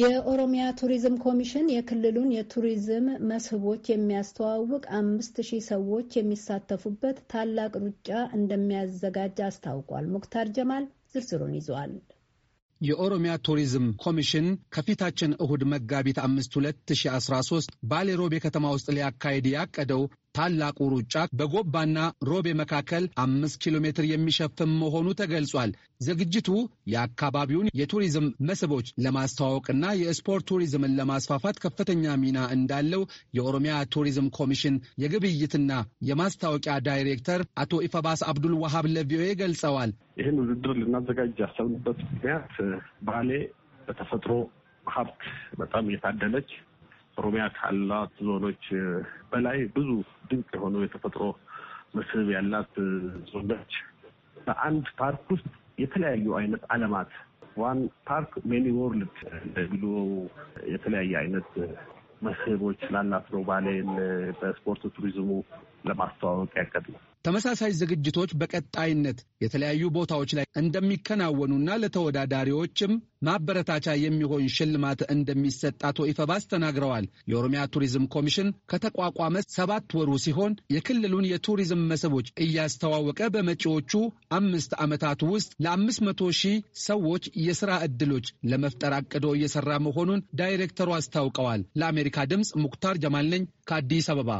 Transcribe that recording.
የኦሮሚያ ቱሪዝም ኮሚሽን የክልሉን የቱሪዝም መስህቦች የሚያስተዋውቅ አምስት ሺህ ሰዎች የሚሳተፉበት ታላቅ ሩጫ እንደሚያዘጋጅ አስታውቋል። ሙክታር ጀማል ዝርዝሩን ይዟል። የኦሮሚያ ቱሪዝም ኮሚሽን ከፊታችን እሁድ መጋቢት አምስት ሁለት ሺ አስራ ሶስት ባሌ ሮቤ ከተማ ውስጥ ሊያካሄድ ያቀደው ታላቁ ሩጫ በጎባና ሮቤ መካከል አምስት ኪሎ ሜትር የሚሸፍን መሆኑ ተገልጿል። ዝግጅቱ የአካባቢውን የቱሪዝም መስህቦች ለማስተዋወቅና የስፖርት ቱሪዝምን ለማስፋፋት ከፍተኛ ሚና እንዳለው የኦሮሚያ ቱሪዝም ኮሚሽን የግብይትና የማስታወቂያ ዳይሬክተር አቶ ኢፈባስ አብዱል ዋሃብ ለቪኦኤ ገልጸዋል። ይህን ውድድር ልናዘጋጅ ያሰብንበት ምክንያት ባሌ በተፈጥሮ ሀብት በጣም የታደለች ኦሮሚያ ካላት ዞኖች በላይ ብዙ ድንቅ የሆኑ የተፈጥሮ መስህብ ያላት ዞኖች በአንድ ፓርክ ውስጥ የተለያዩ አይነት አለማት ዋን ፓርክ ሜኒ ወርልድ ብሎ የተለያየ አይነት መስህቦች ላላት ነው። ባሌን በስፖርት ቱሪዝሙ ለማስተዋወቅ ያቀድ ነው። ተመሳሳይ ዝግጅቶች በቀጣይነት የተለያዩ ቦታዎች ላይ እንደሚከናወኑና ለተወዳዳሪዎችም ማበረታቻ የሚሆን ሽልማት እንደሚሰጥ አቶ ኢፈባስ ተናግረዋል። የኦሮሚያ ቱሪዝም ኮሚሽን ከተቋቋመ ሰባት ወሩ ሲሆን የክልሉን የቱሪዝም መስህቦች እያስተዋወቀ በመጪዎቹ አምስት ዓመታት ውስጥ ለአምስት መቶ ሺህ ሰዎች የሥራ ዕድሎች ለመፍጠር አቅዶ እየሠራ መሆኑን ዳይሬክተሩ አስታውቀዋል። ለአሜሪካ ድምፅ ሙክታር ጀማል ነኝ ከአዲስ አበባ